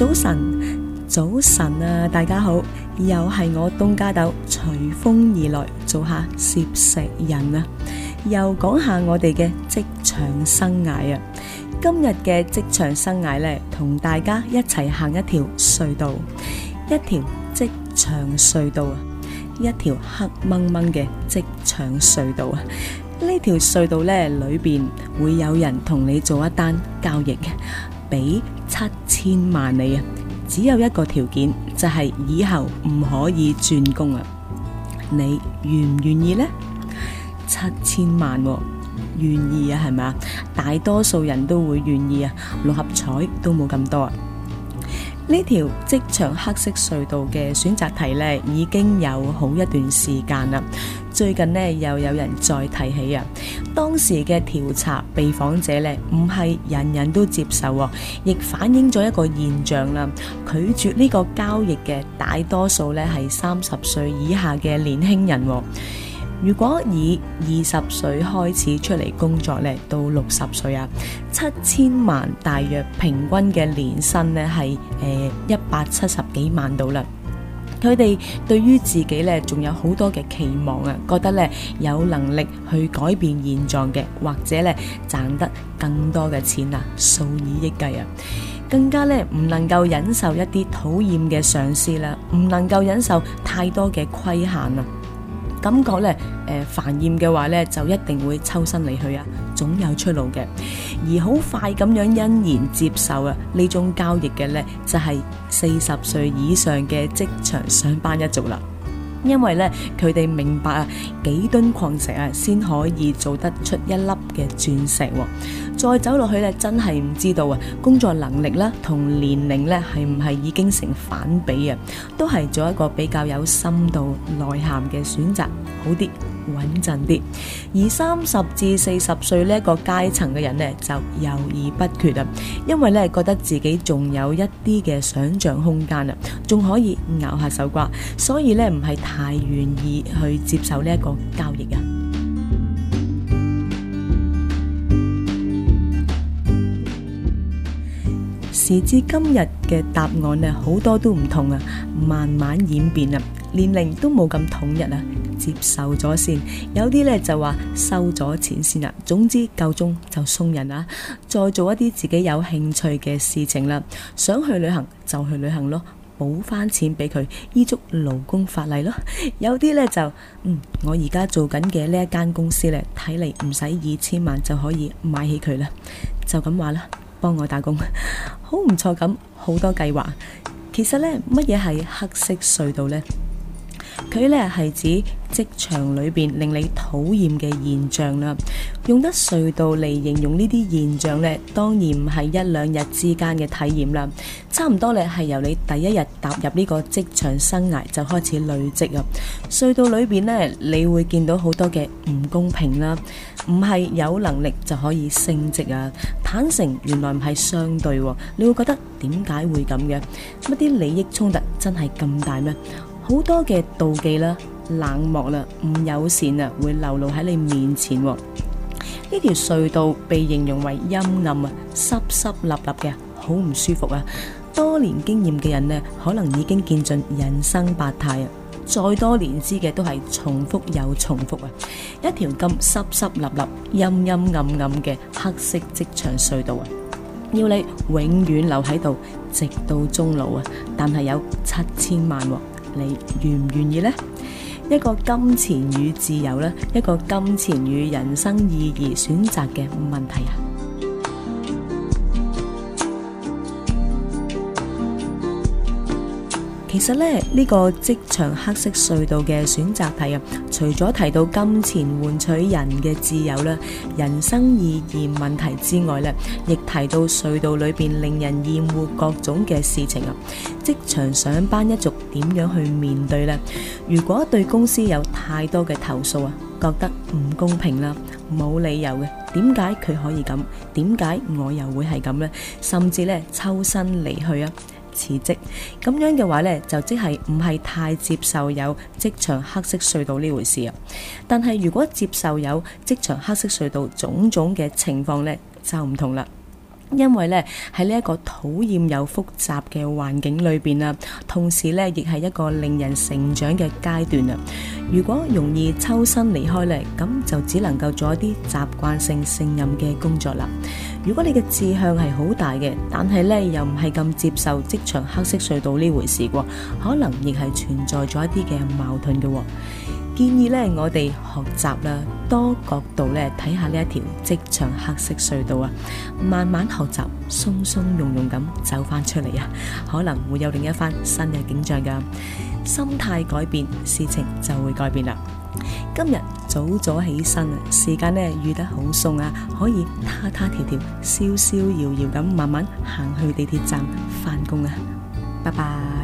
早晨，早晨啊！大家好，又係我東加豆隨風而來，做下攝食人啊！又講下我哋嘅職場生涯啊！今日嘅職場生涯呢，同大家一齊行一條隧道，一條職場隧道啊！一條黑蒙蒙嘅職場隧道啊！呢條隧道呢，裏邊會有人同你做一單交易嘅。俾七千萬你啊，只有一個條件，就係以後唔可以轉工啊。你願唔願意呢？七千萬喎，願意啊，係咪啊？大多數人都會願意啊，六合彩都冇咁多啊。呢條職場黑色隧道嘅選擇題呢，已經有好一段時間啦。最近呢，又有人再提起啊，當時嘅調查被訪者呢，唔係人人都接受，亦反映咗一個現象啦。拒絕呢個交易嘅大多數呢，係三十歲以下嘅年輕人。如果以二十歲開始出嚟工作呢，到六十歲啊，七千萬大約平均嘅年薪呢係誒一百七十幾萬到啦。佢哋對於自己咧，仲有好多嘅期望啊，覺得咧有能力去改變現狀嘅，或者咧賺得更多嘅錢啊，數以億計啊，更加咧唔能夠忍受一啲討厭嘅上司啦、啊，唔能夠忍受太多嘅規限啊。感覺咧，誒，煩厭嘅話咧，就一定會抽身離去啊，總有出路嘅。而好快咁樣欣然接受啊，呢種交易嘅咧，就係四十歲以上嘅職場上班一族啦。因為咧，佢哋明白啊，幾噸礦石啊，先可以做得出一粒嘅鑽石。再走落去咧，真係唔知道啊！工作能力啦，同年齡咧，係唔係已經成反比啊？都係做一個比較有深度、內涵嘅選擇，好啲。穩陣啲，而三十至四十歲呢一個階層嘅人呢，就猶豫不決啊，因為呢，覺得自己仲有一啲嘅想象空間啊，仲可以咬下手瓜，所以呢，唔係太願意去接受呢一個交易啊。 時至今日嘅答案呢，好多都唔同啊，慢慢演變啊。年齡都冇咁統一啊，接受咗先，有啲呢就話收咗錢先啦。總之夠鐘就送人啦，再做一啲自己有興趣嘅事情啦。想去旅行就去旅行咯，補翻錢俾佢，依足勞工法例咯。有啲呢就，嗯，我而家做緊嘅呢一間公司呢，睇嚟唔使二千萬就可以買起佢啦。就咁話啦，幫我打工，好唔錯咁，好多計劃。其實呢，乜嘢係黑色隧道呢？佢呢係指職場裏邊令你討厭嘅現象啦，用得隧道嚟形容呢啲現象呢，當然唔係一兩日之間嘅體驗啦，差唔多咧係由你第一日踏入呢個職場生涯就開始累積啊。隧道裏邊呢，你會見到好多嘅唔公平啦，唔係有能力就可以升職啊，坦誠原來唔係相對，你會覺得點解會咁嘅？乜啲利益衝突真係咁大咩？好多嘅妒忌啦、冷漠啦、唔友善啊，會流露喺你面前。呢條隧道被形容為陰暗啊、濕濕立立嘅，好唔舒服啊。多年經驗嘅人呢，可能已經見盡人生百態啊。再多年知嘅都係重複又重複啊。一條咁濕濕立立、陰陰暗暗嘅黑色職場隧道啊，要你永遠留喺度，直到終老啊。但係有七千萬。你願唔願意呢？一個金錢與自由咧，一個金錢與人生意義選擇嘅問題啊！其實咧，呢、這個職場黑色隧道嘅選擇題啊，除咗提到金錢換取人嘅自由啦，人生意義問題之外呢，亦提到隧道裏邊令人厭惡各種嘅事情啊。職場上班一族點樣去面對呢？如果對公司有太多嘅投訴啊，覺得唔公平啦，冇理由嘅。點解佢可以咁？點解我又會係咁呢？甚至呢，抽身離去啊！辭職咁樣嘅話呢，就即係唔係太接受有職場黑色隧道呢回事啊。但係如果接受有職場黑色隧道種種嘅情況呢，就唔同啦。因為呢，喺呢一個討厭又複雜嘅環境裏邊啊，同時呢，亦係一個令人成長嘅階段啊。如果容易抽身離開呢，咁就只能夠做一啲習慣性勝任嘅工作啦。如果你嘅志向係好大嘅，但係咧又唔係咁接受職場黑色隧道呢回事喎，可能亦係存在咗一啲嘅矛盾嘅、哦。建議咧我哋學習啦，多角度咧睇下呢一條職場黑色隧道啊，慢慢學習，鬆鬆融融咁走翻出嚟啊，可能會有另一番新嘅景象噶、啊。心態改變，事情就會改變啦。今日。早咗起身啊，時間呢預得好鬆啊，可以他他條條、逍逍遙遙咁慢慢行去地鐵站返工啊，拜拜。